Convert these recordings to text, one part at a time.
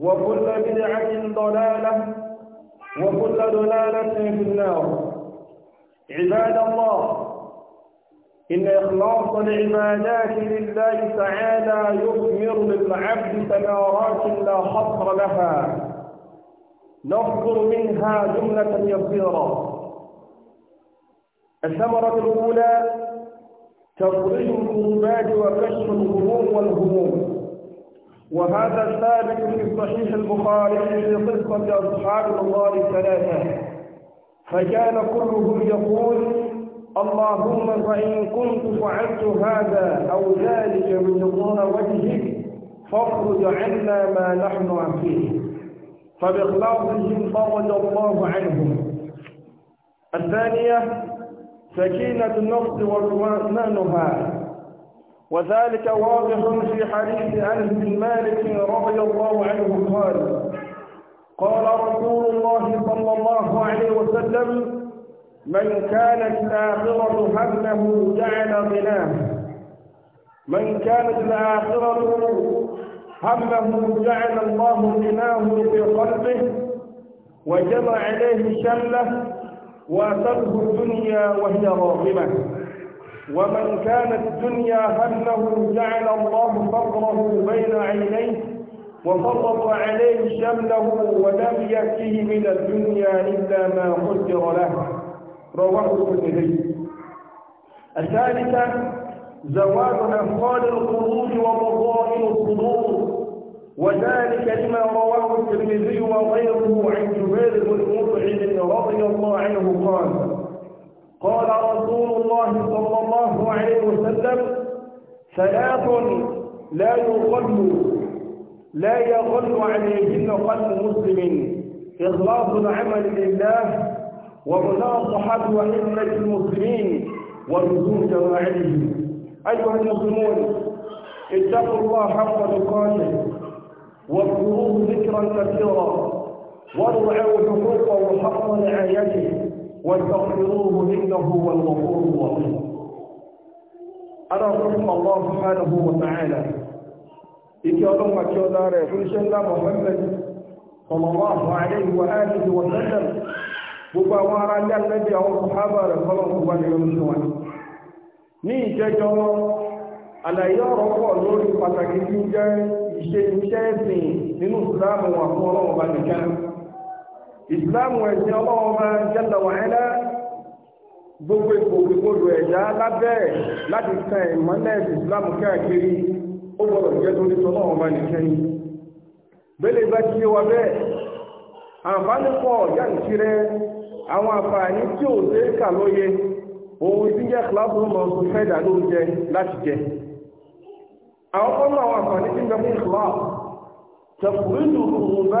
وكل بدعة ضلالة وكل ضلالة في النار عباد الله إن إخلاص العبادات لله تعالى يثمر للعبد ثمرات لا حصر لها نذكر منها جملة يسيرة الثمرة الأولى تفريج الكربات وكشف الغرور والهموم وهذا ثابت في صحيح البخاري في قصة أصحاب الله الثلاثة فكان كلهم يقول اللهم فإن كنت فعلت هذا أو ذلك من بتقوى وجهك فاخرج عنا ما نحن فيه فبإخلاصهم فرج الله عنهم الثانية سكينة النفس واطمئنانها وذلك واضح في حديث أنس بن مالك رضي الله عنه قال قال رسول الله صلى الله عليه وسلم من كانت الآخرة همه جعل غناه من كانت الآخرة همه جعل الله غناه في قلبه وجمع عليه شله وأتته الدنيا وهي راغمة ومن كانت الدنيا همه جعل الله فقره بين عينيه وفرط عليه شمله ولم يأته من الدنيا إلا ما قدر له رواه الترمذي الثالثة زواج أفضال القلوب ومظاهر الصدور وذلك لما رواه الترمذي وغيره عن جبير بن مطعم رضي الله عنه قال قال رسول الله صلى الله عليه وسلم ثلاث لا يقل لا يقل عليهن قلب مسلم إخلاص العمل لله ومناصحة وإمة المسلمين ولزوم جماعتهم أيها المسلمون اتقوا الله حق تقاته واذكروه ذكرا كثيرا وارعوا حقوقه وحق رعايته واستغفروه إنه هو الغفور الرحيم أنا رحم الله سبحانه وتعالى إن الله ما شاء الله رسول الله محمد صلى الله عليه وآله وسلم gbogbo àwọn ará ilé alẹ́bí àwọn sàhábà rẹ̀ fọ́lọ̀ tó bá nìyọ́ wọn ní ìjẹjọ́ àlàyé ọ̀rọ̀ pọ̀ lórí pàtàkì tí ń jẹ́ ìṣe iṣẹ́ ẹ̀sìn nínú ìsìláàmù wà ọlọ́run ìsìláàmù ẹ̀sìn ọlọ́wọ́ máa ń jẹ́lẹ̀ wàhálà gbogbo ipò gbogbo ẹ̀dá lábẹ́ ẹ̀ láti tan ìmọ́lẹ̀ ìsìláàmù káàkiri ó gbọ́dọ̀ jẹ́ torí tọ́lọ́wọ́ máa nìkan ni bẹ́lẹ̀ bá ti yé wa bẹ́ẹ̀ àǹfààní pọ̀ yáǹkiri àwọn àǹfààní tí ò ṣe é kà lóye òun ti jẹ́ kíláàsì mọ̀ fún fẹ́dà ló jẹ láti jẹ àwọn kọ́nà àwọn àǹfààní tí ń bẹ fún kíláàsì tẹ̀kùrìdù òun bá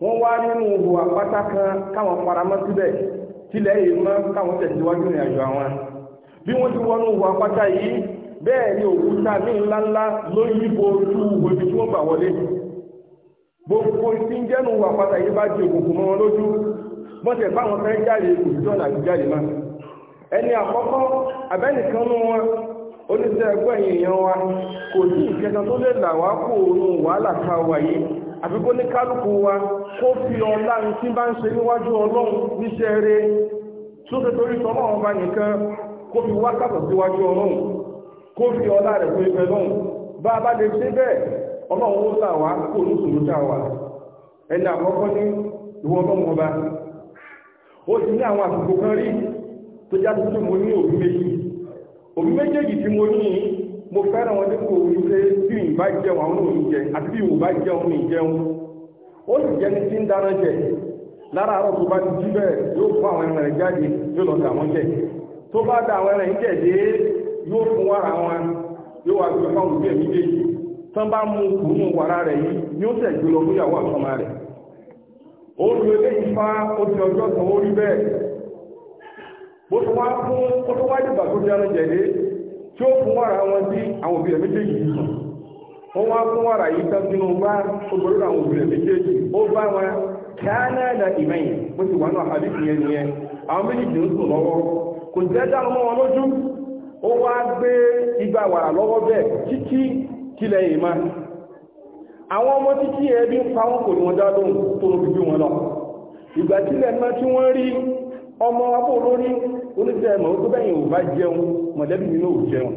wọ́n wá nínú ìhùwà pátá kan káwọn faramọ́ síbẹ̀ tilẹ̀ yìí mọ́ káwọn tẹ̀síwájú ìrìn àjò àwọn bí wọ́n ti wọnú ìhùwà pátá yìí bẹ́ẹ̀ ni òkúta ní ńláńlá ló yíbo ojú ibi tí wọ́n gbà wọlé gbogbo tí ń jẹ́nu bá di òkùnkùn mọ́ lójú wọ́n bá wọn fẹ́ ẹni àkọ́kọ́ abẹ́nìkan nú wọn wa kò sí ìkẹta tó lè òun wàhálà ká wáyé àbíkó ní kálùkù wa kó fi ọlá ní tí bá ń ṣe níwájú ọlọ́run níṣẹ́ rẹ̀ tó ṣe torí sọ náà ọba nìkan kó fi wá kàtọ̀ síwájú ọlọ́run kó fi ọlá rẹ̀ tó ibẹ̀ lọ́run bá a bá lè ṣe bẹ́ẹ̀ ọlọ́run ó sà wá kó ní sòrò dá wa ẹni àkọ́kọ́ ní ìwọ ọlọ́run ọba ó ti ní àwọn àsìkò kan rí tó jáde tó mo ní òbí méjì òbí méjèèjì tí mo ní yìí mo fẹ́ràn wọn dípò wípé bí ìbá jẹun àwọn òní jẹ àti bí ìwòbá jẹun òní jẹun ó sì jẹ́ ní tí ń dáná jẹ lára àárọ̀ tó bá ti jí bẹ́ẹ̀ yóò fún àwọn ẹran rẹ̀ jáde yóò lọ jẹ tó bá da àwọn ẹran jẹ dé yóò fún wàrà wọn yóò wá gbé fáwọn òbí ẹ̀ méjèèjì tán bá mú kùnú wàrà rẹ̀ yìí tẹ̀ gbé lọ rẹ̀ ó tí ó fún wàrà wọn sí àwọn òbí méjèèjì yìí sùn wá fún wàrà yìí tán sínú bá obìnrin àwọn òbí méjèèjì ó bá wọn kánádà ìmẹ́yìn bó ti wà náà àdìsí yẹn nìyẹn àwọn méjèèjì ń sùn lọ́wọ́ kò jẹ́ dáhùn mọ́ wọn lójú ó wá gbé igba wàrà lọ́wọ́ bẹ́ẹ̀ títí tilẹ̀ yìí máa àwọn ọmọ títí ẹbí ń pa wọn wọn dá lóhùn tó bí wọn lọ ìgbà oníṣẹ́ mọ̀ tó bẹ́yìn ò bá jẹun mọ̀lẹ́bí mi náà ò jẹun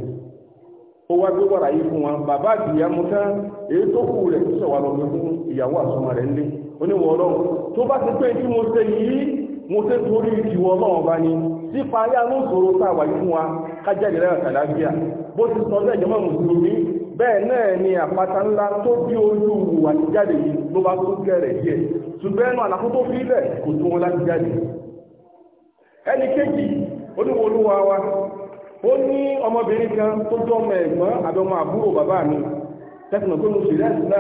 ó wá gbé wàrà yìí fún wọn bàbá àgbìyà mú tán èyí tó kù rẹ̀ tó sọ̀wà lọ́gbẹ́ fún ìyàwó àsọmọ rẹ̀ nílé oníwọ̀ ọlọ́run tó bá ti pé tí mo ṣe a wà fún wa kájáde rẹ̀ kàlábíà bó ti sọ lẹ́jọ́ mọ́ bẹ́ẹ̀ náà ni àpáta ńlá tó bí jáde yìí ló bá díẹ̀ ṣùgbọ́n oníwò olúwa wa ó ní ọmọbìnrin kan tó jọ ọmọ ẹ̀gbọ́n àbí ọmọ àbúrò bàbá mi tẹ́sán pé mo ṣèlú àìsílá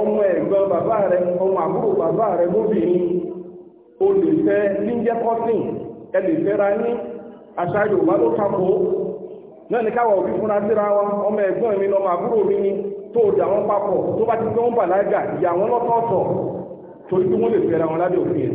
ọmọ ẹ̀gbọ́n bàbá rẹ ọmọ àbúrò bàbá rẹ lóbìnrin o lè fẹ́ níjẹ́ kọ́sìn ẹ lè fẹ́ ra yín ló tako náà ní káwọ̀ òbí fúnra síra wa ọmọ ẹ̀gbọ́n mi lọmọ àbúrò mi ni tó dà wọ́n papọ̀ tó bá ti fẹ́ wọ́n bàlágà ìyà wọn lọ́tọ̀ọ̀tọ̀ torí pé wọ́n lè fẹ́ wọn lábẹ́ òfin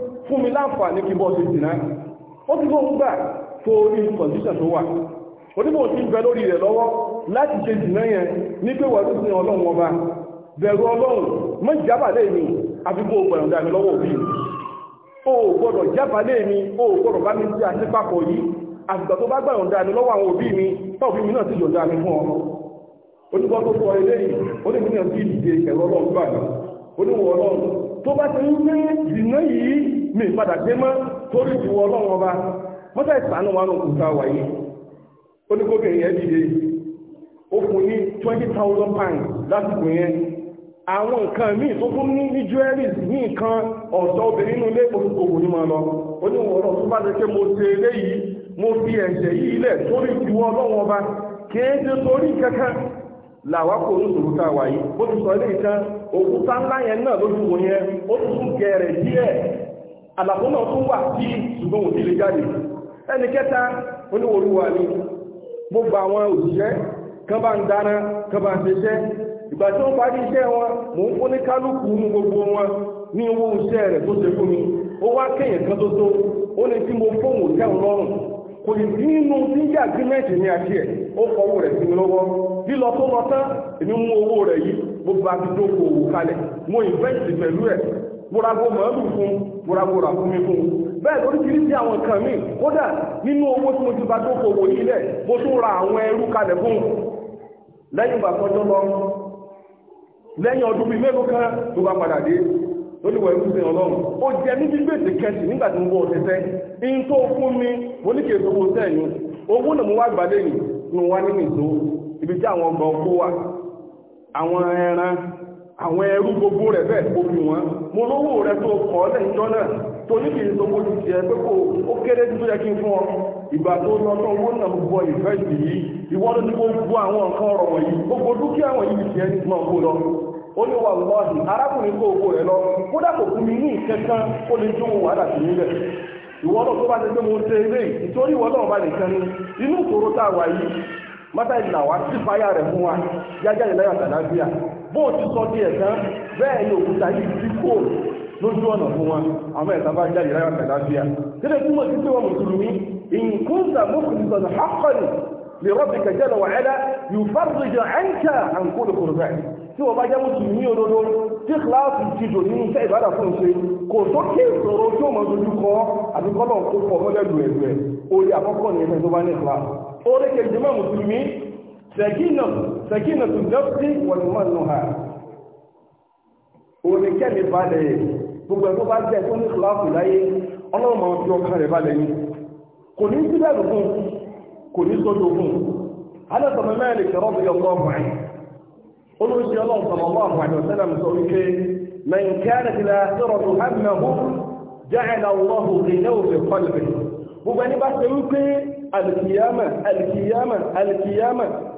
fún mi láǹfààní kí bọ́ sí ìdìnà ó ti fóun gbà tó orí kọ̀díṣà tó wà oníbò tí ń bẹ lórí rẹ̀ lọ́wọ́ láti ṣe ìdìnà yẹn ní pé wàá lóṣìṣẹ́ ọlọ́run ọba bẹ̀rù ọlọ́run mọ́ ìjábàlẹ̀ mi àfi kó gbọ̀rọ̀ dà mí lọ́wọ́ òbí o gbọ́dọ̀ mi o gbọ́dọ̀ bá mi sí àti papọ̀ yìí àgbà tó bá gbọ̀rọ̀ dà mí lọ́wọ́ àwọn òbí mi tọ́ọ̀bí mi náà sì yọ̀ǹda mi ti ń gbé ìdìnà yìí mi padà dé mọ́ torí ìwọ ọlọ́run ọba mọ́tà ìsànù wa nù kùtà wáyé ó ní kókè yẹn dìde ó fún ní twenty thousand pounds lásìkò yẹn àwọn nǹkan míì tó fún ní ní jewelries ní nǹkan ọ̀dọ́ obìnrin ilé mo fi yìí torí ìwọ ọlọ́run ọba kìí ṣe torí kankan làwa kò ní sòrò a bó yẹn náà lójú yẹn ó àlàfo náà tún wà tí ṣùgbọ́n òdí lè jáde ẹni kẹta oníwòrúwà ni gbogbo àwọn òṣìṣẹ́ kan bá ń dáná kan bá ń ṣiṣẹ́ ìgbà tí wọ́n parí iṣẹ́ wọn mò ń fún ní kálukú ní gbogbo wọn ní owó iṣẹ́ rẹ̀ tó ṣe fún mi ó wá kéèyàn kan tó tó ó ní tí mo fóun òtẹ́un lọ́rùn kò ní sí nínú tí ń ní àti ẹ̀ ó fọwọ́ rẹ̀ sí mi lọ́wọ́ lílọ tó lọ tán èmi mú owó rẹ̀ yìí gbogbo àti tó kò wò kalẹ̀ mo ìnvẹ́ǹtì pẹ̀lú ẹ̀ burago màálù fún burago fún bẹ́ẹ̀ àwọn nǹkan míì kódà nínú owó tí mo ti bá tó mo tún ra àwọn ẹrú kalẹ̀ fún lẹ́yìn lọ lẹ́yìn ọdún mélòó kan tó bá padà dé ọlọ́run ó níbi gbèsè kẹsì nígbà tí mo bọ́ ọ̀tẹ́tẹ́ in tó fún mi mo ní sẹ́yìn owó mo wá gbà lẹ́yìn wá nínú ibi tí àwọn àwọn ẹrú gbogbo rẹ̀ bẹ́ẹ̀ orí wọn mo lówó rẹ tó kọ́ lẹ́yìnjọ́ náà tó ní kìí sọ tiẹ̀ pé kò ó kéré tó yẹ kí n fún ọ ìgbà tó lọ tán owó náà gbogbo ìfẹ́ jù yìí ìwọ ló gbogbo àwọn nǹkan ọ̀rọ̀ wọ̀nyí gbogbo dúkìá yìí tiẹ̀ ní lọ ó ní wà arákùnrin kó owó lọ fún mi ní ó lè nílẹ̀ ìwọ tó bó ti sọ di ẹ̀sán bẹ́ẹ̀ ni òkúta yìí ti kó lójú ọ̀nà fún wọn àwọn ẹ̀sán bá jáde lára kàdá sí à nílẹ̀ tí mo ti pé wọn mùsùlùmí ìǹkúnta mọ́kùnrin haqqan li rabbika jalla wa ala yufarrij anka an kulli kurba tí wọ́n bá jẹ́ mùsùlùmí òdodo tí kíláàsì ti dò ní iṣẹ́ ìbádà fún ṣe kò tó kí ìṣòro tí ó mọ̀ dojú kọ àti kọ́lọ̀ kó pọ̀ mọ́lẹ́dùn ẹ̀dùn ẹ̀ orí àkọ́kọ́ ni ẹgbẹ́ tó bá ní kíláàsì orí kejì mọ́ mùsùlùmí sẹ̀kínà sẹ̀kínà tó dọ́pí wọ̀lúmọ̀lúhà oníkẹ́mi balẹ̀ gbogbo ẹ̀kọ́ bá jẹ́ tó ní kìláàfù láyé ọlọ́mọ fi ọkàn rẹ̀ balẹ̀ ní kò ní sí bẹ́ẹ̀ fún kò ní sójú fún alẹ́sọ̀mọ́ mẹ́rin kẹrọ bí ọkọ̀ ọmọrin olóòṣì ọlọ́run sọ̀rọ̀ ọmọ àmàlẹ́ ọ̀sẹ́lẹ̀ mi sọ wípé mẹ́ǹkẹ́rẹ́ ti la sọ̀rọ̀ tó hàn mẹ́hù jẹ́ẹ̀lá ọlọ́hùn ìyẹ́wò fi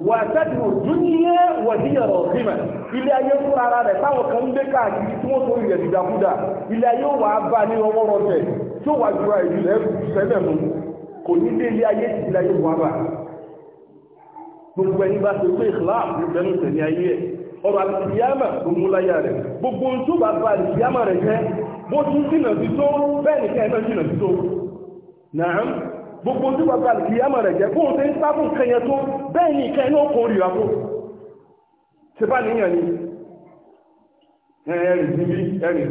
wà sẹ́dùn òdúnyé wọ̀díyẹ̀rọ̀ ọ̀sìnmẹ̀ ilé ayé fún ara rẹ̀ táwọn kan ń gbé káàkiri tí wọ́n tó rẹ̀ dìdàkúdà ilé ayé wà á bá ní ọwọ́ rọ̀tẹ̀ tí ó wà jura ìlú ẹ̀rù sẹ́lẹ̀ mú kò ní dé ilé ayé ti ilé ayé wà bá gbogbo ẹni bá ti pé ìkìláàf ní bẹnu tẹ̀lé ayé ẹ̀ ọ̀rọ̀ àtìyámà ló mú láyà rẹ̀ gbogbo ohun tó bá ba àtìyámà rẹ̀ jẹ́ bó tún jìnà sí tó bẹ́ẹ̀ nìkan ẹ̀ gbogbo tí bàbá àlùkí ẹmọ rẹ̀ jẹ́ fóun ṣe ń sábùn kẹyẹ tó bẹ́ẹ̀ ni ìkẹ́ inú ọkọ̀ orí àpò ṣe bá níyàn ni ẹ̀rìn sí bí ẹ̀rìn tán á ní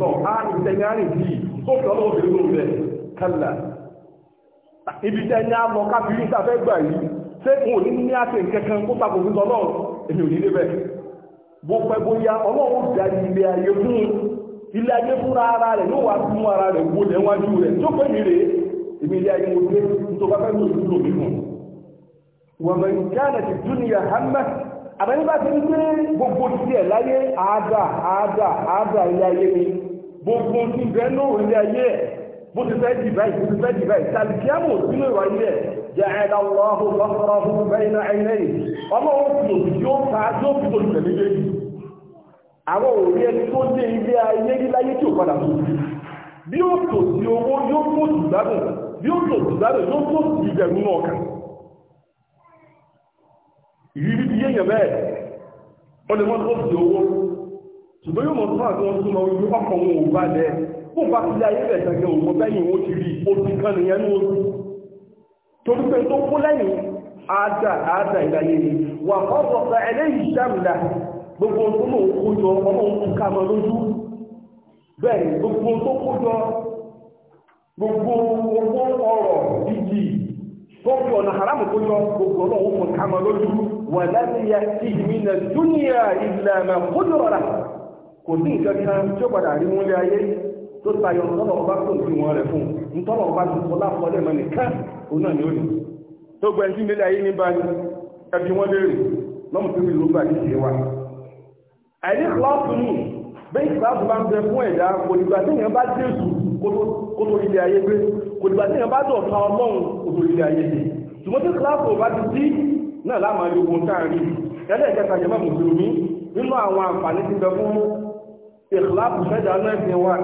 tẹ̀yìn àrìn sí tó fi ọlọ́wọ́ bèrè lóun rẹ̀ kálà ibi tẹ̀yìn á lọ káfí ní sáfẹ́ gbà yìí ṣé n ò ní ní àṣẹ kankan kó tako fún sọ náà èmi ò ní débẹ̀ bó pẹ́ bóyá ọlọ́run dá ilé ayé fún ilé ayé fúnra ara rẹ̀ ló wà fún ara rẹ̀ wọlé wájú rẹ̀ tó pẹ́ mi rèé èmi ilé ayé mo gbé tó bá fẹ́ lò sí lò mímọ̀ wọ́n mọ̀ ìjáàdà ti dúnìyà hamẹ́ àbẹ́ni bá ti ń gbé gbogbo tiẹ̀ láyé àádà àádà àádà ilé ayé ni gbogbo ti bẹ́ẹ̀ lò ilé ayé ẹ̀ bó ti fẹ́ di báyìí bó ti fẹ́ di báyìí tàbíkíámù sínú ìwà ilé ẹ̀ jẹ́ẹ̀dá lọ́hùn lọ́sọ̀rọ̀hùn bẹ́ẹ̀nà ẹ̀yẹ́ yìí ọmọ òkùnkùn yóò ká yóò fi tòlù tẹ̀lé dé yìí àwọn òrí ẹni yóò mú bí ó tó ìdárò yóò tó ìbẹ̀rù náà kà ìrírí ti yéèyàn bẹ́ẹ̀ wọ́n lè wọ́n tó ti owó ṣùgbọ́n yóò mọ̀ tó àti wọn súnmọ́ orí ọkọ̀ wọn ò bá lẹ̀ kó bá ti láyé rẹ̀ tẹ̀kẹ́ òun mọ́ bẹ́yìn ó ti rí ó ti kan nìyẹn ní oṣù torí pé tó kó lẹ́yìn àádà àádà ìdáyé ni wà kọ́kọ́ sọ ẹlẹ́yìí ṣàmìlà gbogbo tó gbogbo owó ọrọ̀ jíjì gbogbo ọ̀nà haramu tó yọ gbogbo ọlọ́wọ́ fún lójú wà láti ya sí ìmìnà dúnìyà ìlànà kójú ọ̀rà kò sí nǹkan kan tí ó padà rí lé ayé tó tayọ tọ́lọ̀ ọba tó ti wọn rẹ̀ fún ntọ́lọ̀ ọba tó nìkan òun náà ni ó wa àìní ní bẹ́ẹ̀ ń bẹ kó tó ilé ayé gbé kò dìgbà tí èèyàn bá dọ̀ ta ọlọ́run kó tó ilé ayé gbé ṣùgbọ́n tí kíláàsì ò bá ti dí náà láàmà ní ogun táàrin ẹlẹ́ ìjẹta jẹmọ́ mùsùlùmí nínú àwọn àǹfààní ti bẹ fún ìkìláàsì fẹ́jà náà fi wá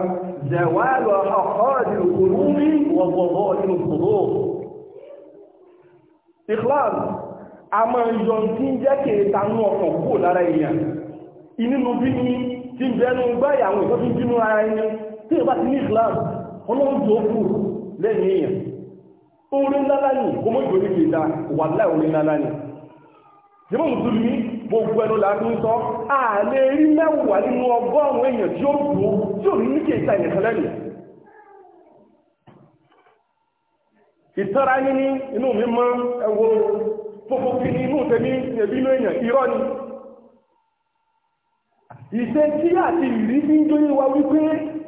zẹ̀wá lọ ọ̀họ́ ìlú olúmi wọ̀gbọ̀gbọ̀ nínú kòró ìkìláàsì a máa ń yọ tí ń jẹ́ kéèta nú ọkàn kúrò lára èèyàn inú bí ní ti bẹnu gbáyà àwọn ìtọ́jú bínú tí ìbá ti ní islam ọlọ́run tó kù lẹ́yìn èèyàn orin lálá ní kò mọ́ ìgbòrí kì í da wà láì orin lálá ní jẹ́mọ́ mùsùlùmí gbogbo ẹnu láti ń sọ ààlẹ́ rí mẹ́wàá nínú ọgọ́rùn èèyàn tí ó kù tí ò ní ní kì í ta ìyẹ̀kan lẹ́nu ìtara níní inú mi mọ́ ẹwọ fòfò kí ni inú tẹ̀mí ẹbí inú èèyàn irọ́ ni ìṣe tí àti ìrísí ń jóyè wa wípé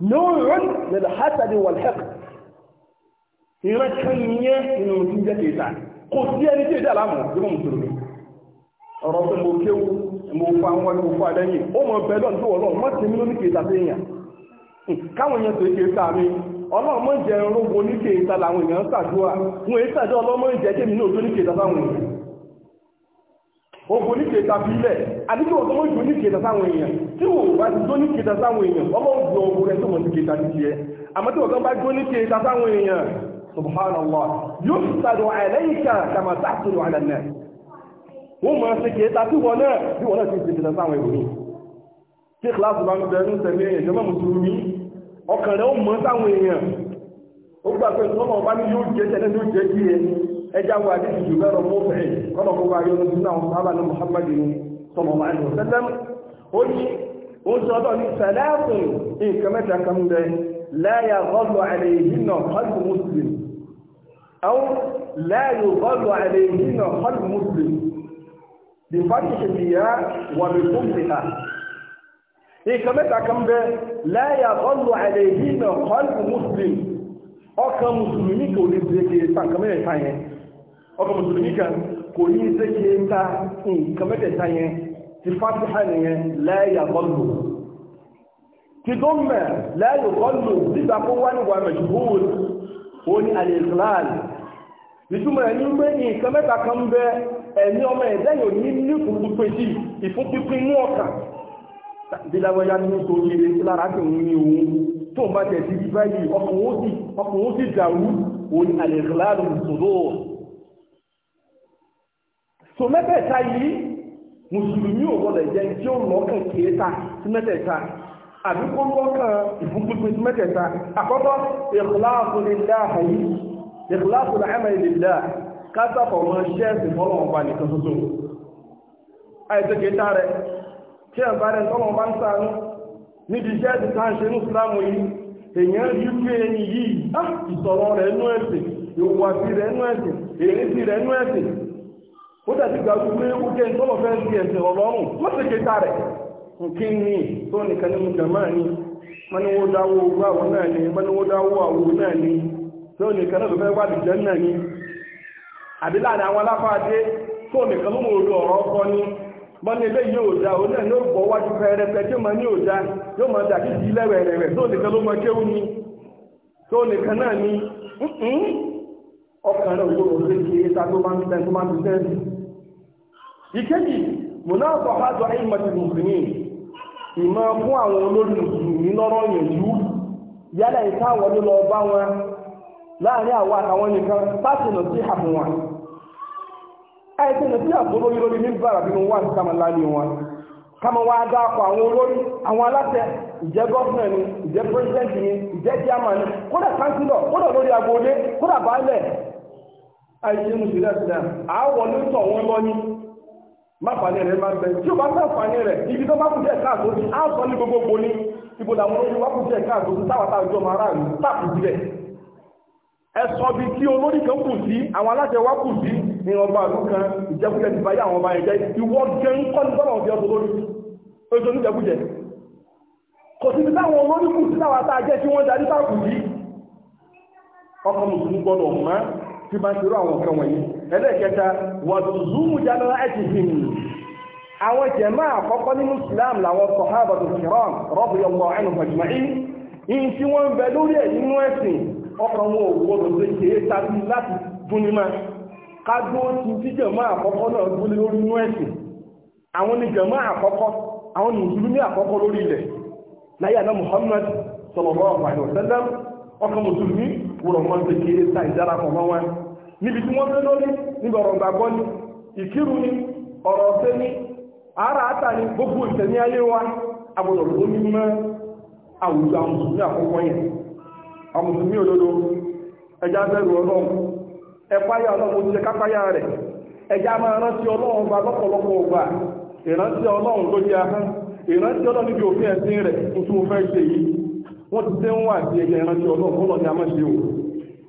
lóòrùn lẹ́lẹ̀ hátàdé wà lẹ́kù ìran kan yẹn inú tí ń jẹ́ tèta kò sí ẹni tí èdè aláàmù tí wọ́n mùsùlùmí ọ̀rọ̀ tó mo kéwu mo fa wọn mo fa dẹ́yìn ó mọ bẹ́ẹ̀ lọ́nà tó wọ́n lọ́nà mọ́tì mi lóní kèta sí èèyàn káwọn èèyàn tó ké sa mi ọlọ́run mọ́ jẹ rogo ní kèta làwọn èèyàn ṣàdúrà wọn èyí ṣàdúrà ọlọ́run mọ́ jẹ kémi náà ní kèta sáwọn èèyàn ogun ní kèta fi lẹ̀ àdíkò tó mọ́ ìgbò ní kèta sáwọn èèyàn tí wọ́n bá dó ní kìtà sáwọn èèyàn ọmọ ògùn ọgbọ̀n rẹ̀ tó wọ́n ti kìtà títí ẹ àmọ́ tí wọ́n kan bá dó ní kìtà sáwọn èèyàn subhanallah yóò sàdọ̀ àìlẹ́yìnká kàmà sáàtùrù àlànà wọ́n mọ̀ sí kìtà tí wọ́n náà bí wọ́n náà ti ti kìtà sáwọn èèyàn tí kìláàsì bá ń bẹ ní sẹ̀mí èèyàn jẹ́mọ́ mùsùlùmí ọkàn rẹ̀ ó mọ̀ sáwọn èèyàn ó gbà pé ọmọ ọba ní yóò jẹ́ tẹ́lẹ̀ yóò jẹ́ kí ẹ ẹjá wa ní ìjù bẹ́rọ mọ́fẹ̀ẹ́ kọ́nà kó wáyé ọdún náà sábà ní muhammadin sọmọ ma'aikọ̀ sẹ́lẹ̀m ó ní ó sọ ọ́dọ̀ ní sàdáàtù nǹkan mẹ́ta kan bẹ láyà gọ́lù àlèyìnà hàlù muslim àwọn láyà gọ́lù àlèyìnà hàlù muslim bí fásitì bìyà wà bí fún bìyà nǹkan mẹ́ta kan bẹ láyà gọ́lù àlèyìnà hàlù muslim ọkàn mùsùlùmí kò ní ṣe nǹkan mẹ́ta yẹn nǹkan mẹ́ta yẹn ti fatiha nìyẹn lẹ́yà kọlù ti dọ́mẹ̀ lẹ́yà kọlù nígbà kó wá ní wàmẹ̀ ṣùgbọ́n ó ní alìsíláàlì ìtumọ̀ ẹni pé nǹkan mẹ́ta kan ń bẹ ẹ̀mí ọmọ ẹ̀dá yóò ní ní kùkùpé sí ìfúnpínpín mú ọ̀kà dídáwọ́yá ní nítorí ilé sí lára tí òun ní òun tó bá jẹ̀ sí báyìí ọkùnrin ó sì dàrú òun alìsíláàlì ìṣòro so mẹ́tẹ̀ẹ̀ta yìí mùsùlùmí ò wọlé jẹ́ tí ó lọ́kàn kéèta sí mẹ́tẹ̀ẹ̀ta àbí kó lọ́kàn ìfúnpínpín sí mẹ́tẹ̀ẹ̀ta àkọ́kọ́ ikhlasu lillahi ikhlasu al-amali lillah kátàkọ̀ mọ́ ṣẹ́ẹ̀sì fọ́lọ́wọ́n bá nìkan tuntun àìsí kéèta rẹ̀ tí ẹ̀ bá rẹ̀ tọ́lọ́wọ́n bá ń sàánú níbi ṣẹ́ẹ̀sì tá ń ṣe ní ìsìlámù yìí èèyàn rí pé ẹni yìí ah, ìsọ̀rọ̀ rẹ̀ nú ẹ̀sìn ìhùwàsí rẹ̀ nú ẹ̀sìn èrèsí rẹ̀ nú ẹ̀sìn ó dẹ̀ ti gbàgbé pé ó jẹ́ ìtọ́lọ̀ fẹ́ di ẹ̀sìn ọlọ́run mọ́sẹ̀kẹta rẹ̀ nkí ni tó nìkan nínú jàmáà ni mọ́niwó dáwó owó àwọn náà ni mọ́niwó dáwó àwò náà ni tó nìkan náà fẹ́ wà lìjẹ́ náà ni àdílà ni àwọn aláfáàdé tó nìkan mú ọ̀rọ̀ ọkọ ni mọ́ni ilé yóò da òun náà yóò bọ̀ wájú fẹ́rẹ́fẹ́ tí ó ní yóò tó nìkan ló ni tó nìkan náà ni ọkàn rẹ̀ ìkéjì bụ na àìmọ̀tì mùsùlùmí ìmọ̀ fún àwọn olórí mùsùlùmí lọ́rọ̀ yẹ̀jú yálà ìta àwọn ní lọ bá wọn láàrin àwọn àtàwọn nìkan láti nà sí wọn ẹ̀ẹ́sì nà sí àfún olórí lórí ní bàrà bí wọn kàmà láàrin wọn kàmà wọn adáàpọ̀ àwọn olórí àwọn aláṣẹ ni ni ni kódà kódà lórí kódà àìsí wọn lọ́yìn máfàní rẹ̀ máa bẹ̀ tí ó bá máfàní rẹ̀ ibi tó bá kù jẹ́ káàtó sí áàtọ́ ní gbogbogbò ní ibo làwọn olórí wá kù jẹ́ káàtó sí táwàtà ìjọ máa rà ní tàbí sílẹ̀ ẹ̀sọ́ bí tí olórí kan kù sí àwọn aláṣẹ wá kù sí ní ọba àlú kan ìjẹkújẹ ti báyé àwọn ọba ẹ̀jẹ̀ ìwọ jẹ́ ń kọ́ ní tọ́lọ̀ ọ̀fẹ́ ọdún lórí oṣù oníjẹkújẹ kò sí ti táwọn olórí kù sí táwàtà jẹ́ tí wọ́n darí tàkù sí ọkọ̀ mùsùlùmí gbọ́dọ̀ mọ́ tí bá ń ṣerú àwọn nǹkan wọ̀nyí ẹlẹ́kẹta wọ̀tùzúmù jánára ẹ̀tì fi mi àwọn jẹ̀má àkọ́kọ́ nínú Islam làwọn sọ̀hábàtò kiram radiyallahu anhum ajma'in in tí wọ́n ń bẹ lórí ẹ̀ nínú ẹ̀sìn ọkàn wọn ò gbọdọ̀ ṣe ṣe é tàbí láti dúnni máa ká dúró ti tí jẹ̀má àkọ́kọ́ náà dúró lórí inú ẹ̀sìn àwọn ni jẹ̀má àkọ́kọ́ àwọn ni mùsùlùmí àkọ́kọ́ lórí ilẹ̀ láyé àná Muhammad sallallahu alaihi wasallam ọkàn mùsùlùmí wùrọ̀ mọ́ níbi tí wọ́n fẹ́ lórí níbi ọ̀rọ̀ ìgbàgbọ́ ni ìkírù ni ọ̀rọ̀ ara àtà gbogbo ìtẹ̀ní ayé wa agbọ̀dọ̀ tó ní mọ́ àwùjọ àwọn àkọ́kọ́ yẹn àwọn òdodo ẹja bẹ̀rù ọlọ́run ẹpáyà ọlọ́run ti kápáyà rẹ̀ ẹja máa rántí ọlọ́run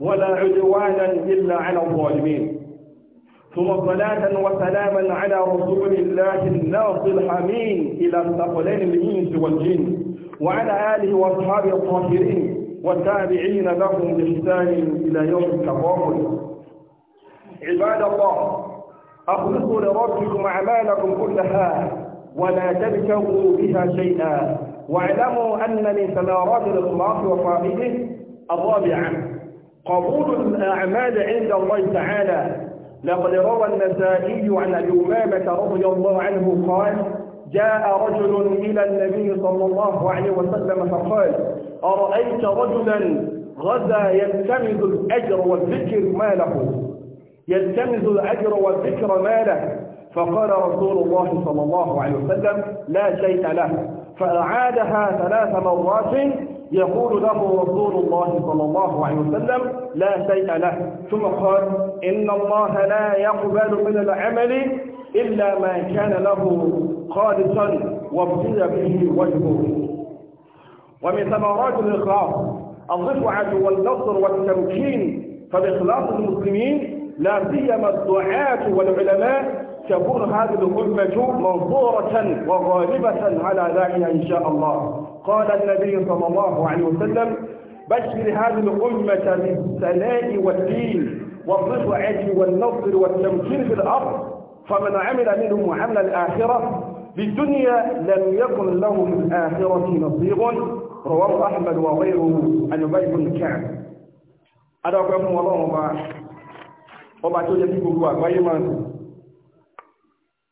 ولا عدوانا إلا على الظالمين ثم صلاة وسلاما على رسول الله الناصر الحميد إلى الثقلين الإنس والجن وعلى آله وأصحابه الطاهرين والتابعين لهم بإحسان إلى يوم التقامل عباد الله أخلصوا لربكم أعمالكم كلها ولا تبتغوا بها شيئا واعلموا أن من ثمرات الإخلاص وفائده الرابعة قبول الأعمال عند الله تعالى لقد روى النسائي عن أبي أمامة رضي الله عنه قال جاء رجل إلى النبي صلى الله عليه وسلم فقال أرأيت رجلا غزا يلتمس الأجر والذكر ماله يلتمس الأجر والذكر ماله فقال رسول الله صلى الله عليه وسلم لا شيء له فأعادها ثلاث مرات يقول له رسول الله صلى الله عليه وسلم لا شيء له ثم قال إن الله لا يقبل من العمل إلا ما كان له خالصا وابتلى به وجهه ومن ثمرات الإخلاص الرفعة والنصر والتمكين فبإخلاص المسلمين لا سيما الدعاة والعلماء تكون هذه الأمة منصورة وغالبة على ذلك إن شاء الله قال النبي صلى الله عليه وسلم بشر هذه الأمة بالسلاء والدين والرفعة والنصر والتمكين في الأرض فمن عمل منهم عمل الآخرة بالدنيا لم يكن له في الآخرة نصيب رواه أحمد وغيره عن أبي بن كعب أدعوكم الله وما وما توجد في قلوب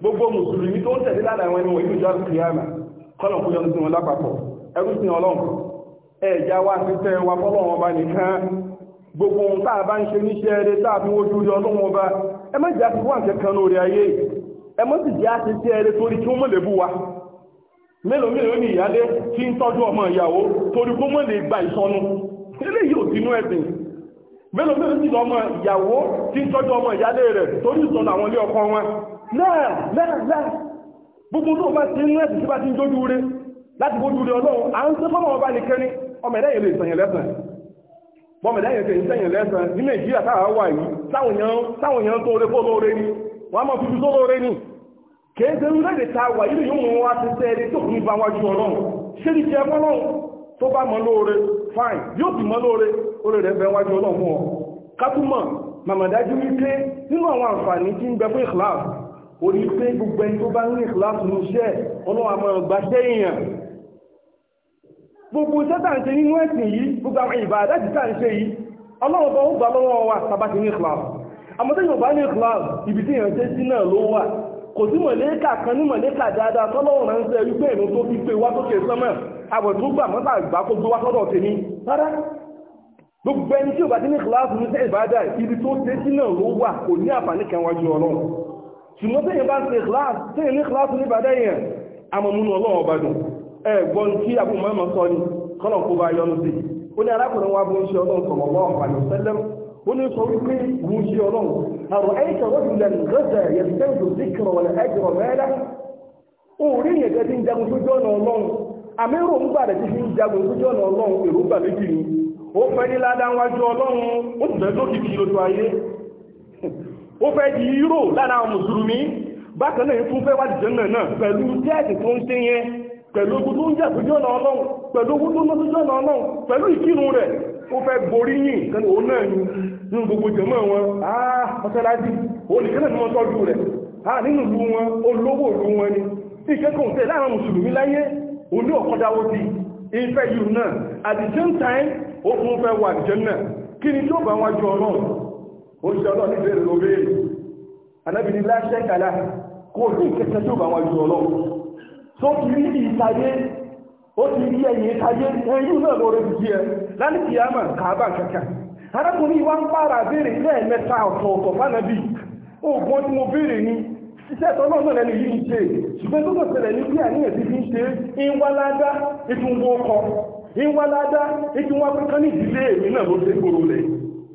gbogbo mùsùlùmí tó ń tẹ̀lé lára àwọn ẹni wọ̀nyí ìjọ kìíyàmà kọ́lọ̀ kó yọnu sí wọn lápapọ̀ ẹrú sí ọlọ́run ẹ̀já wa ti tẹ́ wa fọ́lọ́run ọba nìkan gbogbo ohun tá a bá ń ṣe níṣẹ́ eré tá a fi wojú rí ọlọ́run ọba ẹ má jẹ́ àti wọ́n kankan lórí ayé ẹ má sì jẹ́ àti tẹ́ eré torí kí wọ́n mọ̀ lè bú wa mélòó mélòó ní ìyálé tí ń tọ́jú ọmọ ìyàwó torí kó mọ̀ lè gba ìsọnù eléyìí ò sínú ẹ̀sìn mélòó mélòó sì lọ́mọ ìyàwó tí ń tọ́jú ọmọ ìyálé rẹ̀ torí ìsọnù àwọn ilé ọkọ wọn náà náà náà gbogbo tó bá ti ń rẹ̀ sí bá ti ń jójú rẹ̀ láti bójú rẹ̀ ọlọ́run à ń sọ fọ́mọ̀ ọba nìkan ní ọmọ ẹ̀dá ìlú ìsẹ̀yìn lẹ́sàn bọ́mọ̀ ẹ̀dá ìlú ìsẹ̀yìn lẹ́sàn ní nàìjíríà táwọn wà yìí táwọn èèyàn tó rẹ̀ fọ́lọ́ rẹ̀ ni wọ́n mọ̀ tuntun tó rẹ̀ ni kìí ṣe orílẹ̀ èdè ta wà yìí yóò mú wá ti tẹ́ ẹni tó kún bá wájú ọlọ́run ṣé ní jẹ mọ́lọ́run tó bá mọ́ lóore fine yóò sì mọ́ lóore orí rẹ̀ bẹ wájú ọlọ́run fún ọ kápúmọ̀ màmàdájú wípé nínú àwọn àǹfààní tí ń bẹ fún ìkìláàsì orí pé gbogbo ẹni tó bá ń rìn láti ní iṣẹ́ ọlọ́wà máa gbaṣẹ́ èèyàn gbogbo iṣẹ́ tà ń ṣe nínú ẹ̀sìn yìí gbogbo àwọn ìbá àdájì tà ń ṣe yìí ọlọ́wọ́ bá ó gbà lọ́wọ́ wa tàbá ti ní ìkìláàsì àmọ́ tí yóò bá ní ìkìláàsì ibi tí èèyàn ṣe sí náà ló wà kò sí mọ̀lẹ́kà kan ní mọ̀lẹ́kà dáadáa tọ́lọ́wọ́ rán ṣe wípé ìlú tó fi pé wá sókè sánmà àbọ̀ tó gbà mọ́ta àgbà kó gbé wá sọ́dọ̀ tèmi rárá gbogbo ẹni tí ò bá ti ní ìkìláàsì ní sẹ́ ìbádà ibi tó ṣùgbọ́n tí ìbá ṣe ìkìláàsì tí ìní ìkìláàsì ní ìbàdẹ́ yẹn amọ̀múnú ọlọ́wọ́ bá dùn ẹgbọ́n tí abúmọ́mọ́ sọ ní kọ́nà kó bá yọnu sí ó ní arákùnrin wa bó ń ṣe ọlọ́run sọ̀rọ̀ wọ́n pàlọ́ sẹ́lẹ̀ ó ní sọ wípé mú ṣe ọlọ́run àrùn ẹ̀yìn tọ̀rọ̀ ìlẹ̀ gẹ́sẹ̀ yẹ̀sẹ̀ǹdù síkìrọ̀ wọlé ẹgbẹ̀rọ̀ mẹ́lẹ́ ó rí ìyẹ̀gẹ́ tí ń jagun sójú ọ̀nà ọlọ́run ó fẹ́ di hero lára àwọn mùsùlùmí bákan náà fún fẹ́ wájú jẹ́ náà pẹ̀lú jẹ́ẹ̀sì tó ń ṣe yẹn pẹ̀lú ogun tó ń jà sójú ọ̀nà ọlọ́run pẹ̀lú ogun tó ń lọ sójú ọ̀nà ọlọ́run pẹ̀lú ìkírun rẹ̀ ó fẹ́ borí yìn kan òun náà nínú gbogbo jẹ̀mọ́ wọn àá ah, mọ́sálásí òun nìkan náà ni wọ́n tọ́jú rẹ̀ à ah, nínú ìlú wọn olówó ìlú wọn ni tí ìkẹ́kọ̀ọ́ ń tẹ̀ láàrin mùsùlùmí láyé òun ní ọ̀kọ́dáwó ti ìfẹ́ yìí náà at the same time ó fún fẹ́ wà jẹ́ náà kí ni tí ó bá wájú ọlọ́run oríṣẹ́ ọlọ́run ní bẹ̀rẹ̀ lóbẹ̀rẹ̀ anábì ní láṣẹ́ kàlá kó o ní kẹsẹ̀ tó bá wọn ju ọlọ́run tó ti rí ìtayé ó ti rí ẹ̀yìn ìtayé ẹ̀yìn náà lóore ti jẹ́ láti kìí àmà kàábà kankan arákùnrin wa ń pààrà béèrè lẹ́ẹ̀mẹ́ta ọ̀tọ̀ọ̀tọ̀ fánàbì oògùn tí mo béèrè ni iṣẹ́ tọ́lọ́ náà lẹ́nu yìí ń ṣe ṣùgbọ́n tó tọ̀sẹ̀lẹ̀ ní bí àníyàn ti fi ń ṣe ìwáládá ìtúnwó ọkọ̀ ìwáládá ìtúnwó akẹ́kọ̀ọ́ ní ìdílé èmi náà ló ṣe gbòrò lẹ̀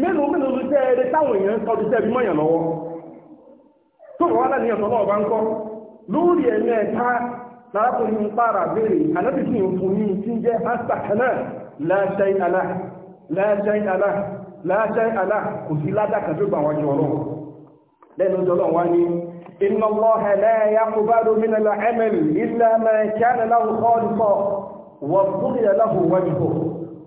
mélòó mélòó ló jẹ́ eré táwọn èèyàn ń tọ́jú jẹ́bi mọ́yàn lọ́wọ́ tó wọ́n láti yàn tọ́lọ́ ọba ń kọ́ lórí ẹ̀mí ẹ̀ka lárákùnrin ń pààrà béèrè ànábì sì ń fún ní tí ń jẹ́ ánsà kaná láṣẹ àlá láṣẹ àlá láṣẹ àlá kò sí ládàkà tó gbà wọn jọ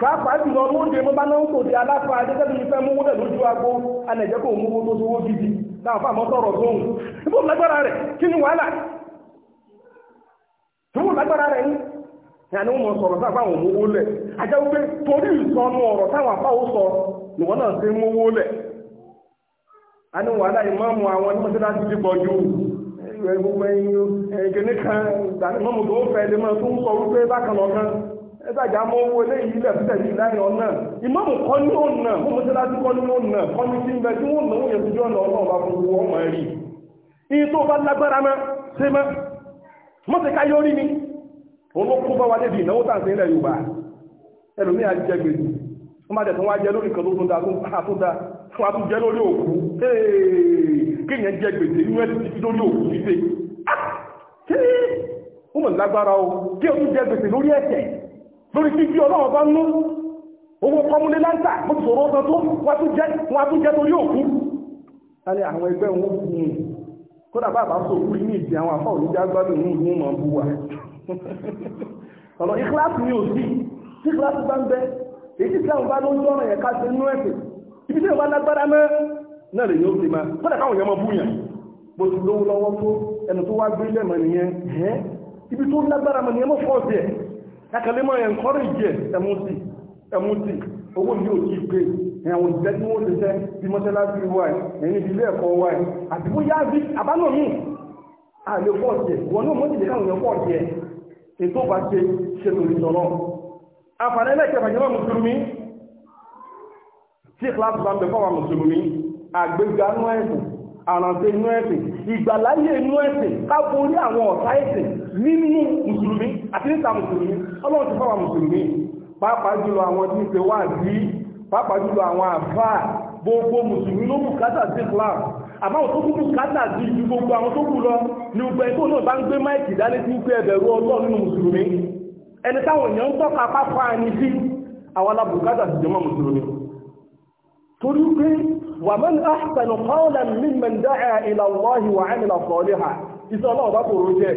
pàápàá jùlọ lóúnjẹ mọ́ bá náà kò di aláfa adéjẹ́bí fẹ́ mú wúlẹ̀ lójú agbó alẹ̀jẹ́ kò mú tó sówó gidi náà fà mọ́ sọ̀rọ̀ sóhun lágbára rẹ̀ kí ni wàhálà lágbára rẹ̀ ní wọn sọ̀rọ̀ wípé torí ìsọnù ọ̀rọ̀ táwọn sọ náà ti a wàhálà ìmọ̀ọ́mù àwọn ẹni mọ́tẹ́lá ti ti pọ̀jù gbogbo ẹyin ẹ̀ẹ́gẹ̀ẹ́ ẹgbàjá mọ́ owó eléyìí ilẹ̀ títẹ̀lé láyé ọ̀nà ìmáàmù kọ́ ní ọ̀nà fún mọ́sálásí kọ́ ní ọ̀nà kọ́ ní tí ń bẹ tí wọ́n náwó yẹ sójú ọ̀nà ọlọ́run bá fún owó ọmọ rí i tó bá lágbára mọ́ ṣe mọ́ mọ́sẹ̀ ká yọrí ni òun ló kú bá wa débi ìnáwó tàǹsẹ̀ ilẹ̀ Yorùbá ẹlòmí àjẹjẹ gbèsè wọ́n máa jẹ lórí kan tó wa tún jẹ lórí òkú kéèyàn jẹ gbèsè inú ẹ̀ ti lórí òkú ah! ṣíṣe ó mọ̀ lágbára o kí o tún jẹ gbèsè lórí ẹ̀ṣẹ̀ lórí tí bí ọlọ́wọ́ bá nú owó kọmúlé láńtà bó ti sọ̀rọ̀ ọ̀sán tó wọ́n tún jẹ́ torí òkú láti àwọn ẹgbẹ́ wọn kú un kódà bá bá sọ orí ní ìdí àwọn afọ́ òníjà gbádùn ní ìlú mọ̀ bú wa ọ̀nà ìkíláàsì ni ò sí tí ìkíláàsì bá ń bẹ èyí tí ìkíláàsì bá ló ń tọ́nà ẹ̀ka sí inú ẹ̀sìn ibi tí ìwà lágbára mẹ́ náà lè yóò ti máa kódà káwọn èèyàn mọ̀ bú yàn bó ti lówó lọ́wọ́ tó ẹnu tó wá gbé lẹ́mọ̀ nìyẹn ibi tó lágbára mọ̀ nìyẹn mọ̀ fọ́ọ̀sì ẹ̀ ẹkẹlẹ́ mọ́ ẹ̀ńkọ́rẹ́ ìjẹ́ ẹmúsì ẹmúsì owó ní òjì pé ẹ̀wọ̀n ìjẹ́ tí wọ́n ṣiṣẹ́ bí mọ́ṣáláṣí wà ẹ̀yìn ìdílé ẹ̀kọ́ wà àti bóyá bí àbánà míì àlè pọ̀jì wọn náà mọ́tì lè káwọn pọ̀jì ẹ̀ ètò bá ṣe ṣe lórí sọ̀rọ̀ àfààní ẹlẹ́kẹ̀ẹ́fà jẹ́ mùsùlùmí tí kíláàsì bá ń nínú mùsùlùmí àti níta mùsùlùmí ọlọ́run ti fáwà mùsùlùmí pàápàá jùlọ àwọn tí ń pe wá sí pàápàá jùlọ àwọn àfáà gbogbo mùsùlùmí ló mú kátà sí Islam àbáwọn tó kúkú kátà sí ju gbogbo àwọn tó kù lọ ní gbogbo ẹ̀ tó náà bá ń gbé máìkì dálé tí ń pé ẹbẹ̀rù ọlọ́run nínú mùsùlùmí ẹni táwọn èèyàn ń tọ́ka pápá ẹni sí àwọn alábùkátà sí jẹmọ́ دعا إلى الله وعمل صالحا إذا الله بقول رجاء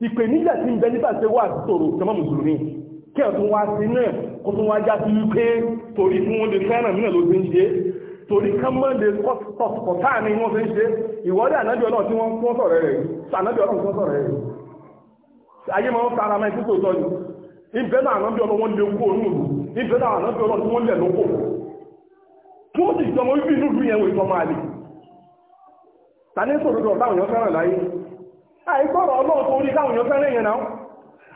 ìpèníjà tí ń bẹ nígbà tí wà tòrò tẹmọ́ mùsùlùmí kí ọ̀tún wá sí náà kó tún wá já sí wípé torí fún wọn lè fẹ́ràn mí náà ló ti ń ṣe torí ká mọ́ lè kọ̀tà ní wọ́n fi ń ṣe ìwọ́dí ànájọ́ náà tí wọ́n fún sọ̀rọ̀ rẹ̀ ànájọ́ náà fún sọ̀rọ̀ rẹ̀ ayé máa ń fara máa ìfúkò sọ́yìn ìbẹ́ náà ànájọ́ náà wọ́n lè kó òun lù ìbẹ́ náà ànájọ́ náà tí wọ́n lẹ̀ lóko tó sì jọmọ wípé inú ìlú yẹn wò ìtọ́ máa lè ta ní sọ̀rọ̀ àìsọ̀rọ̀ ọlọ́run tó rí káwọn èèyàn fẹ́rẹ̀ yẹn náà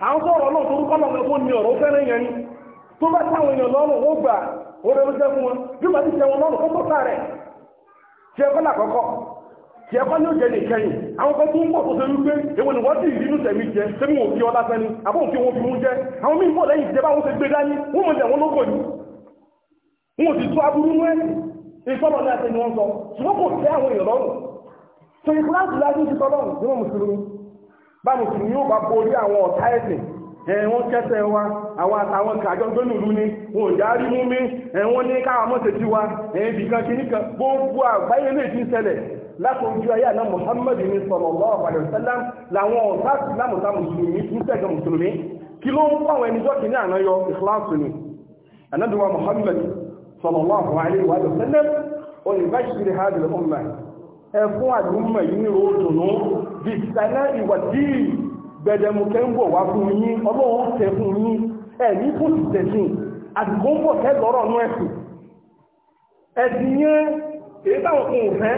à ń sọ̀rọ̀ ọlọ́run tó rúkọ́ lọ́nà tó ní ọ̀rọ̀ fẹ́rẹ̀ yẹn ni tó bá táwọn èèyàn lọ́rùn ó gbà ó rẹ̀ rúṣẹ́ fún wọn bí wọ́n ti ṣe wọn lọ́rùn kọ́kọ́ sáà rẹ̀ tí ẹkọ́ làkọ́kọ́ tí ẹkọ́ ní òjẹ́ nìkẹyìn àwọn kan tó ń pọ̀ tó ṣe wípé èwo ni wọ́n rí inú tẹ̀mí jẹ so ìkíláàsì láti ń ṣetọ́ lọ́rùn nínú mùsùlùmí bá mùsùlùmí yóò bá borí àwọn ọ̀tá ẹ̀sìn ẹ̀wọ́n kẹsẹ̀ wa àwọn àtàwọn kàjọ tó lùlú ni wọn ò já rí mú mi ẹ̀wọ́n ní káwọn mọ́ tètè wa ẹ̀yìn bìkan kìíní kan gbogbo àgbáyé lè ti ń ṣẹlẹ̀ láti ojú ayé àná Muhammad ní sallallahu alaihi wasallam làwọn ọ̀tá ìsìlámùtà mùsùlùmí ń tẹ̀gẹ̀ mùsùlùmí kí ẹfún àdúmọ̀ yìí ní òdùnú bí sẹ́nà ìwàdí gbẹ̀dẹ̀mùkẹ́ ń bọ̀ wá fún yín ọlọ́run tẹ fún yín ẹ̀ní fún ìtẹ̀sìn àdìgbò ń bọ̀ tẹ́ lọ́rọ̀ nú ẹ̀sìn ẹ̀sìn yẹn èyí táwọn kò fẹ́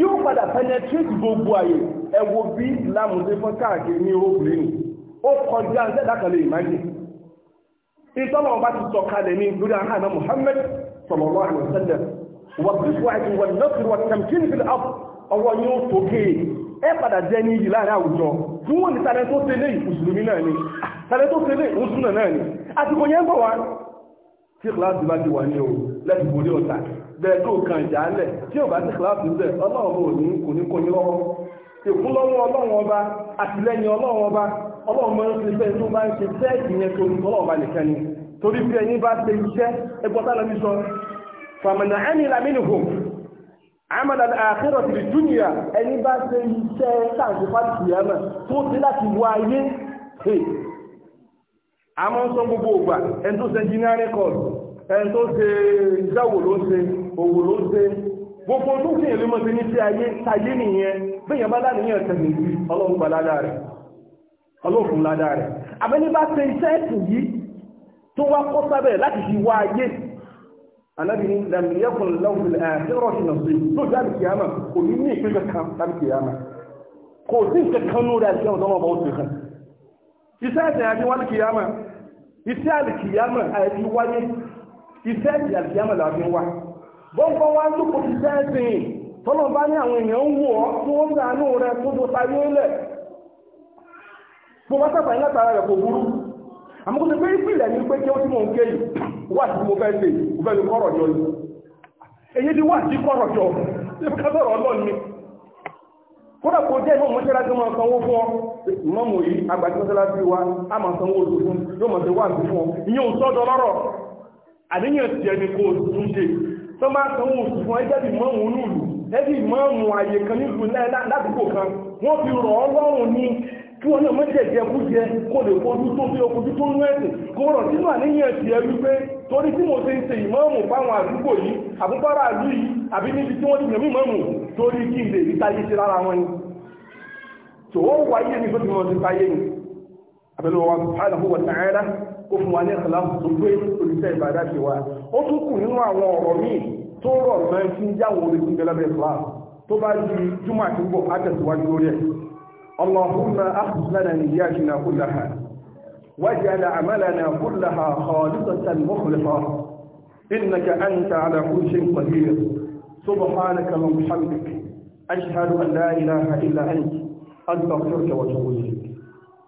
yóò padà penetrate gbogbo àyè ẹ wo bí lámùdé fún káàkiri ní orókùnrin ni ó kọjá ńlẹ́dàkàlẹ̀ ìmáyé ìtọ́lọ́wọ́n bá ti sọ kalẹ̀ ní ìgbéra hàn Muhammad sallallahu alaihi wasallam wàbíwájú wà nọ́sùn wà tẹ̀mkín fi lọ́pù ọwọ́ yóò tókè ẹ padà jẹ́ ní ìyí láàrin àwùjọ tí wọ́n ni sáré tó tẹ́lẹ̀ ìmùsùlùmí náà ni sáré tó tẹ́lẹ̀ ìmùsùlùmí náà ni àti kò yẹn bọ̀ wá tí kìláàsì bá ti wà ní o lẹ́tì borí ọ̀tà bẹ́ẹ̀ tó kàn jálẹ̀ tí ò bá ti kìláàsì bẹ̀ ọlọ́run ò ní kò ní kò ní lọ́wọ́ ìkúnlọ́wọ́ ọlọ́run ọba àtìlẹ́yìn ọlọ́run ọba ọlọ́run mọ́ ṣe fẹ́ tó bá ń ṣe fẹ́ẹ̀kì yẹn torí ọlọ́run ọba nìkan ni torí bí ẹni bá ṣe iṣẹ́ ẹgbọ́tà lọ́bí sọ fàmìnà ẹni làmínìhò àmàlà àkẹ́rọ̀ ti di dúnìyà ẹni bá ṣe iṣẹ́ sáǹtì fásitì ẹ̀mà tó ti láti wọ ayé àmọ́ ń sọ gbogbo ògbà ẹni tó ṣe engineering course ẹni tó ṣe ìjáwò ló ṣe òwò ló ṣe gbogbo tó fi ìlú mọ́sí ní sí ayé tayé nìyẹn bẹ́yàn bá láníyàn tẹ̀lé sí ọlọ́run gbà ládàá rẹ̀ ọlọ́run ládàá rẹ̀ àbẹ́ni bá ṣe iṣẹ́ ẹ̀sìn yìí tó wá kọ́ sábẹ̀ láti fi wá ayé alábìrin lam yakun lahu fil akhirati nasib ló jáde kìyàmà kò ní ní ìpín kiyama, ko kìyàmà kò sí kankan kiyama àti ọ̀dọ́ ọmọ ọ̀sẹ̀ kan iṣẹ́ àti àti wáyé kìyàmà iṣẹ́ àti kìyàmà àti wáyé iṣẹ́ àti àti wa làbí wá bọ́ńbọ́n wá ń lóko ti sẹ́ẹ̀sì tọ́lọ̀ ti wà tí mo fẹ́ ṣe mo fẹ́ lè kọ́rọ̀ jọ ni èyí ti wà tí kọ́rọ̀ jọ ṣe fi kásọ̀rọ̀ ọlọ́ ni kódà kò jẹ́ ìmọ̀ mọ́ṣáláṣí máa sanwó fún ọ ìmọ̀mù yìí àgbàtí mọ́ṣáláṣí wa a máa sanwó oṣù fún yóò mọ̀ sí wà sí fún ọ ìyẹn ò sọ́dọ̀ lọ́rọ̀ àníyàn ti ẹni kò tún ṣe tó máa sanwó oṣù fún ẹjẹ́ bí mọ́mù nílùú ẹbí mọ́mù àyè kan nílùú ládùúgbò kan wọ́n fi rọ̀ ọ́ lọ́rùn ní kí wọn náà mọ́jẹ̀ jẹ kú jẹ kó lè kojú tó bí okojú tó ń rẹ́sìn kó rọ̀ sínú àníyàn ti ẹ wípé torí tí mo ṣe ń ṣe ìmọ̀ọ́mù fáwọn àdúgbò yìí àbúbára àlú yìí àbí níbi tí wọ́n ti yẹ̀mí mọ́mù torí kí n lè rí táyé ṣe lára wọn ni tòwó wáyé ní tó ti mọ̀ sí táyé ni àbẹ̀lẹ̀ wọn subhanahu wa ta'ala ó fún wa ní ìkàláàmù tó gbé olùsẹ́ ìbàdá ṣe wa ó tún kù nínú àwọn ọ̀rọ̀ míì tó rọ̀ mọ́ sí jáwọn olùsìn gẹ́lẹ́bẹ̀ẹ́ tó bá di júmọ̀ àti gbọ̀ á tẹ̀síwájú lórí ẹ̀ اللهم أحسن نياتنا كلها واجعل عملنا كلها خالصة مخلصة إنك أنت على كل شيء قدير سبحانك وبحمدك أشهد أن لا إله إلا أنت أستغفرك وأتوب إليك